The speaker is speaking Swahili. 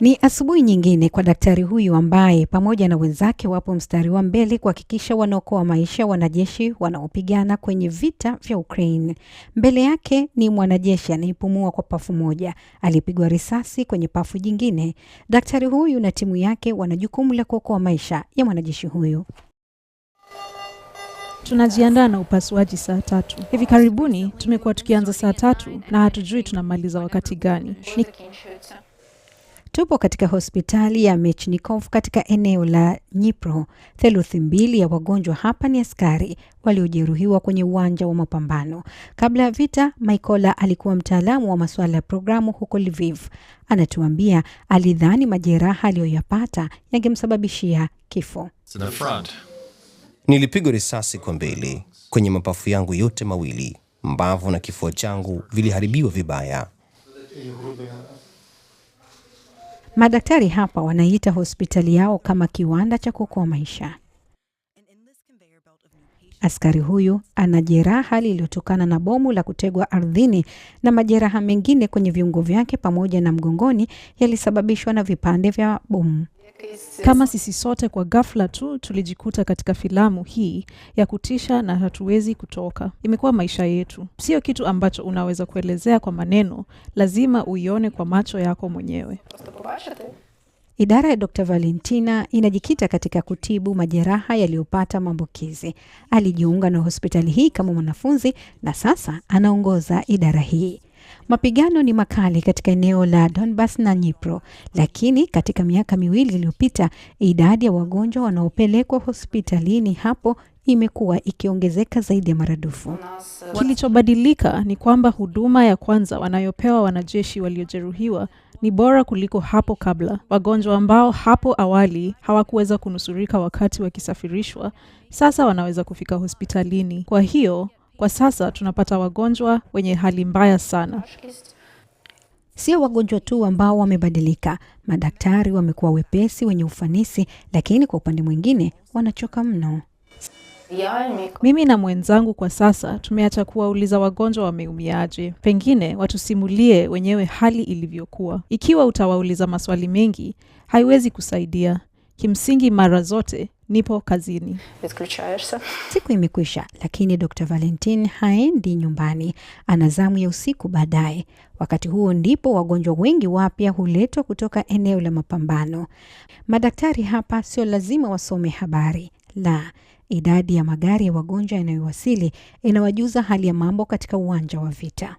Ni asubuhi nyingine kwa daktari huyu ambaye pamoja na wenzake wapo mstari wa mbele kuhakikisha wanaokoa maisha wanajeshi wanaopigana kwenye vita vya Ukraine. Mbele yake ni mwanajeshi anayepumua kwa pafu moja, alipigwa risasi kwenye pafu jingine. Daktari huyu na timu yake wana jukumu la kuokoa maisha ya mwanajeshi huyu. Tunajiandaa na upasuaji saa tatu. Hivi karibuni tumekuwa tukianza saa tatu na hatujui tunamaliza wakati gani. Ni... Tupo katika hospitali ya Mechnikov katika eneo la nipro Theluthi mbili ya wagonjwa hapa ni askari waliojeruhiwa kwenye uwanja wa mapambano. Kabla ya vita, Maikola alikuwa mtaalamu wa masuala ya programu huko Lviv. Anatuambia alidhani majeraha aliyoyapata yangemsababishia kifo. Nilipigwa risasi kwa mbele kwenye mapafu yangu yote mawili, mbavu na kifua changu viliharibiwa vibaya. Madaktari hapa wanaiita hospitali yao kama kiwanda cha kuokoa maisha. Askari huyu ana jeraha lililotokana na bomu la kutegwa ardhini na majeraha mengine kwenye viungo vyake pamoja na mgongoni yalisababishwa na vipande vya bomu. Kama sisi sote kwa ghafla tu tulijikuta katika filamu hii ya kutisha na hatuwezi kutoka. Imekuwa maisha yetu, sio kitu ambacho unaweza kuelezea kwa maneno, lazima uione kwa macho yako mwenyewe. Idara ya Dr. Valentina inajikita katika kutibu majeraha yaliyopata maambukizi. Alijiunga na hospitali hii kama mwanafunzi na sasa anaongoza idara hii. Mapigano ni makali katika eneo la Donbas na Nipro, lakini katika miaka miwili iliyopita idadi ya wagonjwa wanaopelekwa hospitalini hapo imekuwa ikiongezeka zaidi ya maradufu. Kilichobadilika ni kwamba huduma ya kwanza wanayopewa wanajeshi waliojeruhiwa ni bora kuliko hapo kabla. Wagonjwa ambao hapo awali hawakuweza kunusurika wakati wakisafirishwa, sasa wanaweza kufika hospitalini. Kwa hiyo kwa sasa tunapata wagonjwa wenye hali mbaya sana. Sio wagonjwa tu ambao wamebadilika, madaktari wamekuwa wepesi, wenye ufanisi, lakini kwa upande mwingine wanachoka mno. Mimi na mwenzangu kwa sasa tumeacha kuwauliza wagonjwa wameumiaje. Pengine watusimulie wenyewe hali ilivyokuwa. Ikiwa utawauliza maswali mengi, haiwezi kusaidia. Kimsingi, mara zote nipo kazini. Siku imekwisha, lakini Dr. valentin haendi nyumbani, ana zamu ya usiku baadaye. Wakati huo ndipo wagonjwa wengi wapya huletwa kutoka eneo la mapambano. Madaktari hapa sio lazima wasome habari, la idadi ya magari ya wagonjwa yanayowasili inawajuza hali ya mambo katika uwanja wa vita.